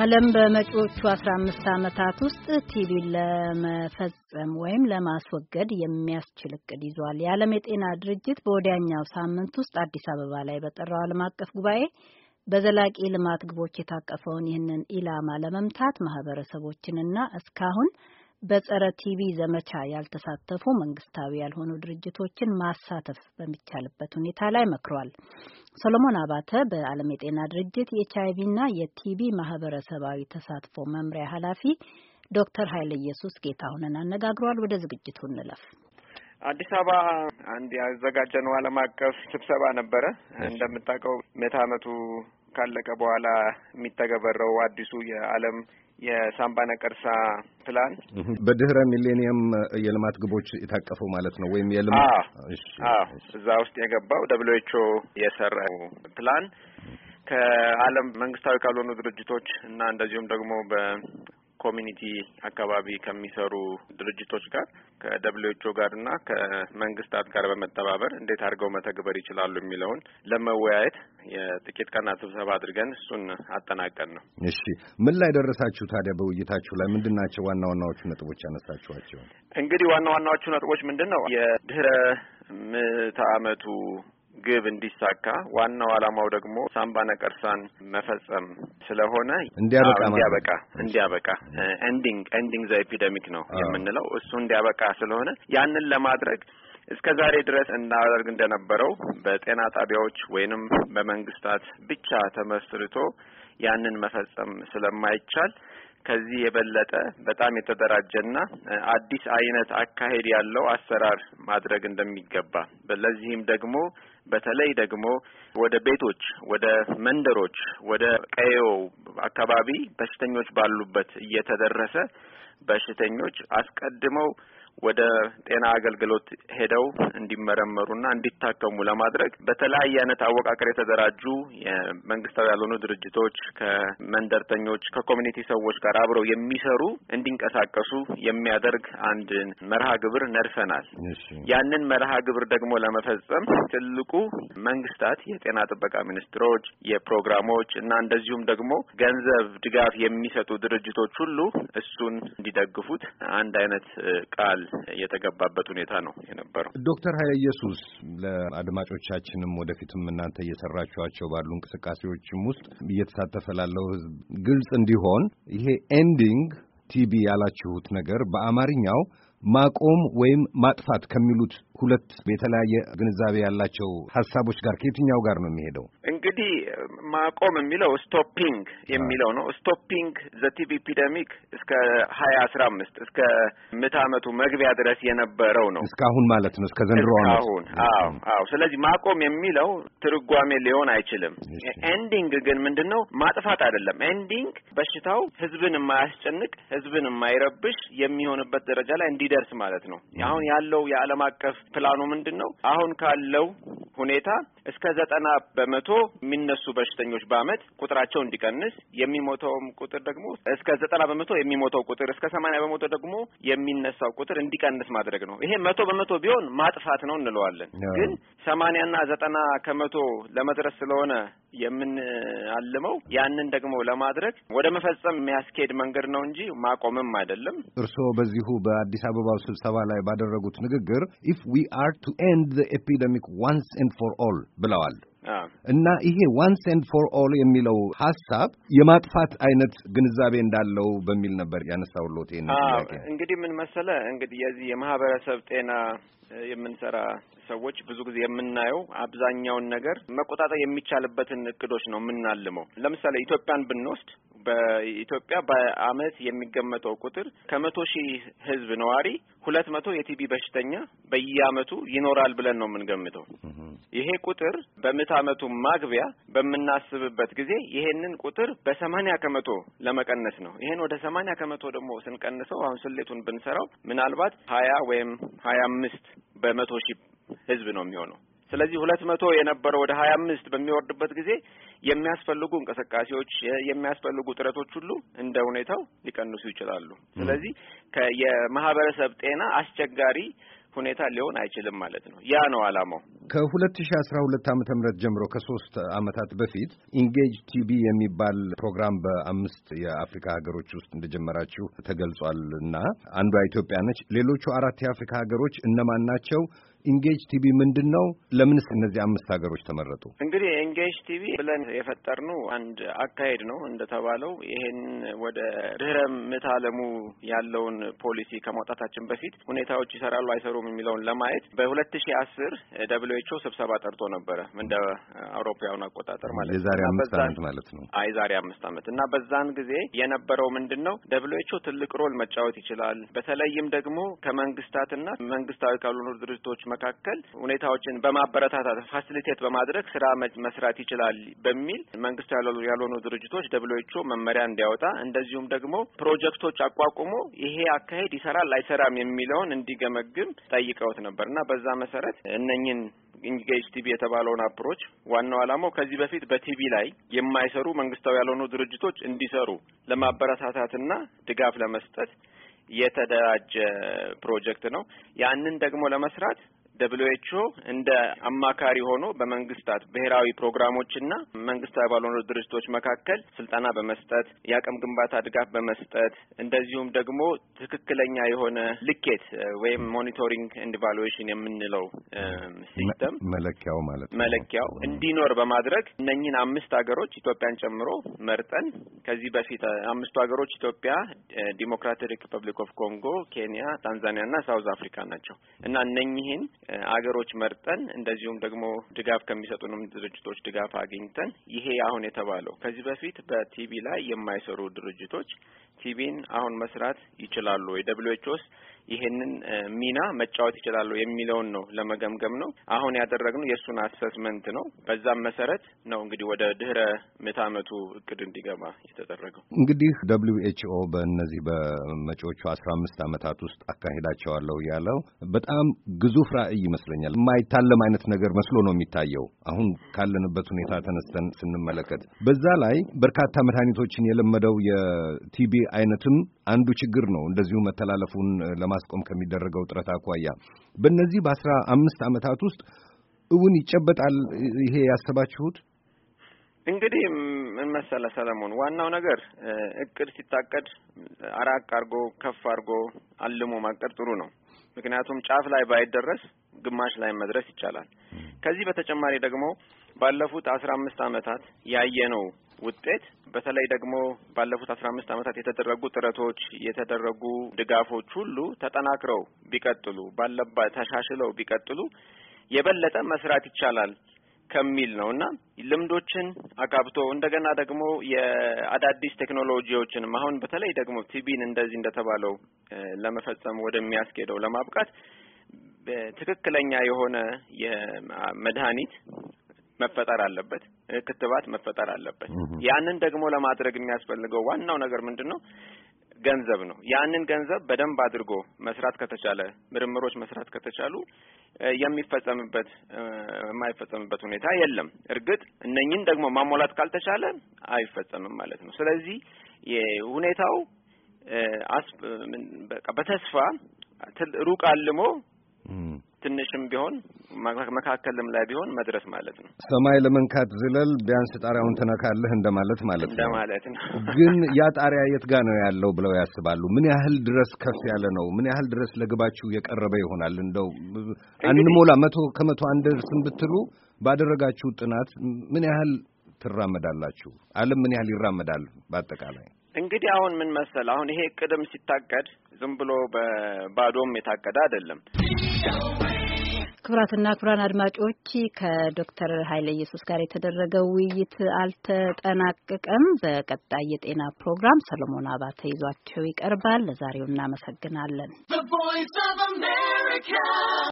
ዓለም በመጪዎቹ 15 ዓመታት ውስጥ ቲቪ ለመፈጸም ወይም ለማስወገድ የሚያስችል እቅድ ይዟል። የዓለም የጤና ድርጅት በወዲያኛው ሳምንት ውስጥ አዲስ አበባ ላይ በጠራው ዓለም አቀፍ ጉባኤ በዘላቂ ልማት ግቦች የታቀፈውን ይህንን ኢላማ ለመምታት ማህበረሰቦችንና እስካሁን በጸረ ቲቪ ዘመቻ ያልተሳተፉ መንግስታዊ ያልሆኑ ድርጅቶችን ማሳተፍ በሚቻልበት ሁኔታ ላይ መክሯል። ሰሎሞን አባተ በዓለም የጤና ድርጅት የኤችአይቪና የቲቪ ማህበረሰባዊ ተሳትፎ መምሪያ ኃላፊ ዶክተር ኃይለ ኢየሱስ ጌታሁንን አነጋግሯል። ወደ ዝግጅቱ እንለፍ። አዲስ አበባ አንድ ያዘጋጀነው ዓለም አቀፍ ስብሰባ ነበረ። እንደምታውቀው ምዕተ ዓመቱ ካለቀ በኋላ የሚተገበረው አዲሱ የዓለም የሳምባ ነቀርሳ ፕላን በድህረ ሚሌኒየም የልማት ግቦች የታቀፈው ማለት ነው ወይም የልማት እዛ ውስጥ የገባው ደብሊው ኤች ኦ የሰራው ፕላን ከዓለም መንግስታዊ ካልሆኑ ድርጅቶች እና እንደዚሁም ደግሞ ኮሚኒቲ አካባቢ ከሚሰሩ ድርጅቶች ጋር ከደብሊውኤችኦ ጋር እና ከመንግስታት ጋር በመተባበር እንዴት አድርገው መተግበር ይችላሉ የሚለውን ለመወያየት የጥቂት ቀናት ስብሰባ አድርገን እሱን አጠናቀን ነው። እሺ፣ ምን ላይ ደረሳችሁ ታዲያ? በውይይታችሁ ላይ ምንድን ናቸው ዋና ዋናዎቹ ነጥቦች ያነሳችኋቸው? እንግዲህ ዋና ዋናዎቹ ነጥቦች ምንድን ነው? የድህረ ምዕተ ዓመቱ ግብ እንዲሳካ ዋናው ዓላማው ደግሞ ሳምባ ነቀርሳን መፈጸም ስለሆነ እንዲያበቃ እንዲያበቃ እንዲያበቃ ኤንዲንግ ኤንዲንግ ዘ ኤፒደሚክ ነው የምንለው እሱ እንዲያበቃ ስለሆነ ያንን ለማድረግ እስከ ዛሬ ድረስ እናደርግ እንደነበረው በጤና ጣቢያዎች ወይንም በመንግስታት ብቻ ተመስርቶ ያንን መፈጸም ስለማይቻል ከዚህ የበለጠ በጣም የተደራጀና አዲስ አይነት አካሄድ ያለው አሰራር ማድረግ እንደሚገባ ለዚህም ደግሞ በተለይ ደግሞ ወደ ቤቶች፣ ወደ መንደሮች፣ ወደ ቀዮ አካባቢ በሽተኞች ባሉበት እየተደረሰ በሽተኞች አስቀድመው ወደ ጤና አገልግሎት ሄደው እንዲመረመሩና እንዲታከሙ ለማድረግ በተለያየ አይነት አወቃቀር የተደራጁ የመንግስታዊ ያልሆኑ ድርጅቶች ከመንደርተኞች፣ ከኮሚኒቲ ሰዎች ጋር አብረው የሚሰሩ እንዲንቀሳቀሱ የሚያደርግ አንድ መርሃ ግብር ነድፈናል። ያንን መርሃ ግብር ደግሞ ለመፈጸም ትልቁ መንግስታት የጤና ጥበቃ ሚኒስትሮች፣ የፕሮግራሞች እና እንደዚሁም ደግሞ ገንዘብ ድጋፍ የሚሰጡ ድርጅቶች ሁሉ እሱን እንዲደግፉት አንድ አይነት ቃል የተገባበት ሁኔታ ነው የነበረው። ዶክተር ሀይለ ኢየሱስ ለአድማጮቻችንም ወደፊትም እናንተ እየሰራችኋቸው ባሉ እንቅስቃሴዎችም ውስጥ እየተሳተፈ ላለው ህዝብ ግልጽ እንዲሆን ይሄ ኤንዲንግ ቲቢ ያላችሁት ነገር በአማርኛው ማቆም ወይም ማጥፋት ከሚሉት ሁለት የተለያየ ግንዛቤ ያላቸው ሀሳቦች ጋር ከየትኛው ጋር ነው የሚሄደው? እንግዲህ ማቆም የሚለው ስቶፒንግ የሚለው ነው። ስቶፒንግ ዘቲቭ ኢፒደሚክ እስከ ሀያ አስራ አምስት እስከ ምዕተ ዓመቱ መግቢያ ድረስ የነበረው ነው እስካሁን ማለት ነው እስከ ዘንድሮ አሁን። አዎ አዎ። ስለዚህ ማቆም የሚለው ትርጓሜ ሊሆን አይችልም። ኤንዲንግ ግን ምንድን ነው? ማጥፋት አይደለም። ኤንዲንግ በሽታው ህዝብን የማያስጨንቅ ህዝብን የማይረብሽ የሚሆንበት ደረጃ ላይ እንዲደርስ ማለት ነው። አሁን ያለው የዓለም አቀፍ ፕላኑ ምንድን ነው? አሁን ካለው ሁኔታ እስከ ዘጠና በመቶ የሚነሱ በሽተኞች በአመት ቁጥራቸው እንዲቀንስ የሚሞተውም ቁጥር ደግሞ እስከ ዘጠና በመቶ የሚሞተው ቁጥር እስከ ሰማኒያ በመቶ ደግሞ የሚነሳው ቁጥር እንዲቀንስ ማድረግ ነው። ይሄ መቶ በመቶ ቢሆን ማጥፋት ነው እንለዋለን። ግን ሰማኒያና ዘጠና ከመቶ ለመድረስ ስለሆነ የምንአልመው ያንን ደግሞ ለማድረግ ወደ መፈጸም የሚያስኬድ መንገድ ነው እንጂ ማቆምም አይደለም። እርስዎ በዚሁ በአዲስ አበባው ስብሰባ ላይ ባደረጉት ንግግር ኢፍ ዊ አር ቱ ኤንድ ዘ ኤፒደሚክ ዋንስ ኤንድ ፎር ኦል ብለዋል። እና ይሄ ዋንስ ኤንድ ፎር ኦል የሚለው ሀሳብ የማጥፋት አይነት ግንዛቤ እንዳለው በሚል ነበር ያነሳሁልዎት። ይሄን እንግዲህ ምን መሰለ እንግዲህ የዚህ የማህበረሰብ ጤና የምንሰራ ሰዎች ብዙ ጊዜ የምናየው አብዛኛውን ነገር መቆጣጠር የሚቻልበትን እቅዶች ነው የምናልመው። ለምሳሌ ኢትዮጵያን ብንወስድ በኢትዮጵያ በአመት የሚገመተው ቁጥር ከመቶ ሺህ ህዝብ ነዋሪ ሁለት መቶ የቲቢ በሽተኛ በየአመቱ ይኖራል ብለን ነው የምንገምተው። ይሄ ቁጥር በምት ዓመቱ ማግቢያ በምናስብበት ጊዜ ይሄንን ቁጥር በሰማኒያ ከመቶ ለመቀነስ ነው። ይሄን ወደ ሰማኒያ ከመቶ ደግሞ ስንቀንሰው አሁን ስሌቱን ብንሰራው ምናልባት ሀያ ወይም ሀያ አምስት በመቶ ሺህ ህዝብ ነው የሚሆነው። ስለዚህ ሁለት መቶ የነበረው ወደ ሀያ አምስት በሚወርድበት ጊዜ የሚያስፈልጉ እንቅስቃሴዎች የሚያስፈልጉ ጥረቶች ሁሉ እንደ ሁኔታው ሊቀንሱ ይችላሉ። ስለዚህ የማህበረሰብ ጤና አስቸጋሪ ሁኔታ ሊሆን አይችልም ማለት ነው። ያ ነው አላማው ከሁለት ሺ አስራ ሁለት ዓመተ ምህረት ጀምሮ ከሶስት አመታት በፊት ኢንጌጅ ቲቪ የሚባል ፕሮግራም በአምስት የአፍሪካ ሀገሮች ውስጥ እንደጀመራችሁ ተገልጿል እና አንዷ ኢትዮጵያ ነች። ሌሎቹ አራት የአፍሪካ ሀገሮች እነማን ናቸው? ኢንጌጅ ቲቪ ምንድን ነው? ለምንስ እነዚህ አምስት ሀገሮች ተመረጡ? እንግዲህ ኢንጌጅ ቲቪ ብለን የፈጠርነው አንድ አካሄድ ነው። እንደተባለው ይሄን ወደ ድህረ ምዕተ ዓለሙ ያለውን ፖሊሲ ከማውጣታችን በፊት ሁኔታዎች ይሰራሉ አይሰሩም የሚለውን ለማየት በሁለት ሺ አስር ደብሊው ኤች ኦ ስብሰባ ጠርቶ ነበረ እንደ አውሮፓውያኑ አቆጣጠር ማለት ነው። የዛሬ አምስት ዓመት ማለት ነው። አይ ዛሬ አምስት ዓመት እና በዛን ጊዜ የነበረው ምንድን ነው ደብሊው ኤች ኦ ትልቅ ሮል መጫወት ይችላል። በተለይም ደግሞ ከመንግስታትና መንግስታዊ ካልሆኑ ድርጅቶች መካከል ሁኔታዎችን በማበረታታት ፋሲሊቴት በማድረግ ስራ መስራት ይችላል በሚል መንግስት ያልሆኑ ድርጅቶች ደብሎችዎ መመሪያ እንዲያወጣ እንደዚሁም ደግሞ ፕሮጀክቶች አቋቁሞ ይሄ አካሄድ ይሰራል አይሰራም የሚለውን እንዲገመግም ጠይቀውት ነበር እና በዛ መሰረት እነኝን ኢንጌጅ ቲቪ የተባለውን አፕሮች ዋናው አላማው ከዚህ በፊት በቲቪ ላይ የማይሰሩ መንግስታዊ ያልሆኑ ድርጅቶች እንዲሰሩ ለማበረታታትና ድጋፍ ለመስጠት የተደራጀ ፕሮጀክት ነው። ያንን ደግሞ ለመስራት ደብሊው እንደ አማካሪ ሆኖ በመንግስታት ብሔራዊ ፕሮግራሞችና መንግስታዊ ባልሆኑ ድርጅቶች መካከል ስልጠና በመስጠት የአቅም ግንባታ ድጋፍ በመስጠት እንደዚሁም ደግሞ ትክክለኛ የሆነ ልኬት ወይም ሞኒቶሪንግ ኤንድ የምንለው ሲስተም መለኪያው ማለት መለኪያው እንዲኖር በማድረግ እነኝህን አምስት ሀገሮች ኢትዮጵያን ጨምሮ መርጠን ከዚህ በፊት አምስቱ ሀገሮች ኢትዮጵያ፣ ዲሞክራቲክ ሪፐብሊክ ኦፍ ኮንጎ፣ ኬንያ፣ ታንዛኒያ እና ሳውዝ አፍሪካ ናቸው እና እነኝህን አገሮች መርጠን እንደዚሁም ደግሞ ድጋፍ ከሚሰጡንም ድርጅቶች ድጋፍ አግኝተን ይሄ አሁን የተባለው ከዚህ በፊት በቲቪ ላይ የማይሰሩ ድርጅቶች ቲቪን አሁን መስራት ይችላሉ ወይ? ደብሊው ኤች ይሄንን ሚና መጫወት ይችላሉ የሚለውን ነው ለመገምገም ነው አሁን ያደረግነው የእሱን አሰስመንት ነው። በዛም መሰረት ነው እንግዲህ ወደ ድህረ ምዕተ ዓመቱ እቅድ እንዲገባ የተደረገው። እንግዲህ ደብሊው ኤች ኦ በእነዚህ በመጪዎቹ አስራ አምስት ዓመታት ውስጥ አካሄዳቸዋለሁ ያለው በጣም ግዙፍ ራዕይ ይመስለኛል። የማይታለም አይነት ነገር መስሎ ነው የሚታየው አሁን ካለንበት ሁኔታ ተነስተን ስንመለከት። በዛ ላይ በርካታ መድኃኒቶችን የለመደው የቲቢ አይነትም አንዱ ችግር ነው እንደዚሁ መተላለፉን ለማ ለማስቆም ከሚደረገው ጥረት አኳያ በእነዚህ በአስራ አምስት ዓመታት ውስጥ እውን ይጨበጣል ይሄ ያሰባችሁት? እንግዲህ ምን ሰለሞን፣ ዋናው ነገር እቅድ ሲታቀድ አራቅ አርጎ ከፍ አርጎ አልሞ ማቀድ ጥሩ ነው። ምክንያቱም ጫፍ ላይ ባይደረስ ግማሽ ላይ መድረስ ይቻላል። ከዚህ በተጨማሪ ደግሞ ባለፉት አስራ አምስት ዓመታት ያየነው ውጤት በተለይ ደግሞ ባለፉት አስራ አምስት ዓመታት የተደረጉ ጥረቶች የተደረጉ ድጋፎች ሁሉ ተጠናክረው ቢቀጥሉ ባለባ ተሻሽለው ቢቀጥሉ የበለጠ መስራት ይቻላል ከሚል ነው እና ልምዶችን አካብቶ እንደገና ደግሞ የአዳዲስ ቴክኖሎጂዎችንም አሁን በተለይ ደግሞ ቲቢን እንደዚህ እንደተባለው ለመፈጸም ወደሚያስኬደው ለማብቃት ትክክለኛ የሆነ የመድኃኒት መፈጠር አለበት። ክትባት መፈጠር አለበት። ያንን ደግሞ ለማድረግ የሚያስፈልገው ዋናው ነገር ምንድን ነው? ገንዘብ ነው። ያንን ገንዘብ በደንብ አድርጎ መስራት ከተቻለ፣ ምርምሮች መስራት ከተቻሉ የሚፈጸምበት የማይፈጸምበት ሁኔታ የለም። እርግጥ እነኝን ደግሞ ማሟላት ካልተቻለ አይፈጸምም ማለት ነው። ስለዚህ ሁኔታው በተስፋ ሩቅ አልሞ ትንሽም ቢሆን መካከልም ላይ ቢሆን መድረስ ማለት ነው። ሰማይ ለመንካት ዝለል ቢያንስ ጣሪያውን ትነካለህ እንደማለት ማለት ነው እንደማለት ነው። ግን ያ ጣሪያ የት ጋ ነው ያለው ብለው ያስባሉ? ምን ያህል ድረስ ከፍ ያለ ነው? ምን ያህል ድረስ ለግባችሁ የቀረበ ይሆናል? እንደው አንሞላ መቶ ከመቶ አንደርስም ብትሉ ባደረጋችሁ ጥናት ምን ያህል ትራመዳላችሁ? ዓለም ምን ያህል ይራመዳል? በአጠቃላይ እንግዲህ አሁን ምን መሰል አሁን ይሄ ቅድም ሲታቀድ ዝም ብሎ በባዶም የታቀደ አይደለም። ክቡራትና ክቡራን አድማጮች ከዶክተር ኃይለ ኢየሱስ ጋር የተደረገው ውይይት አልተጠናቀቀም። በቀጣይ የጤና ፕሮግራም ሰለሞን አባተ ይዟቸው ይቀርባል። ለዛሬው እናመሰግናለን።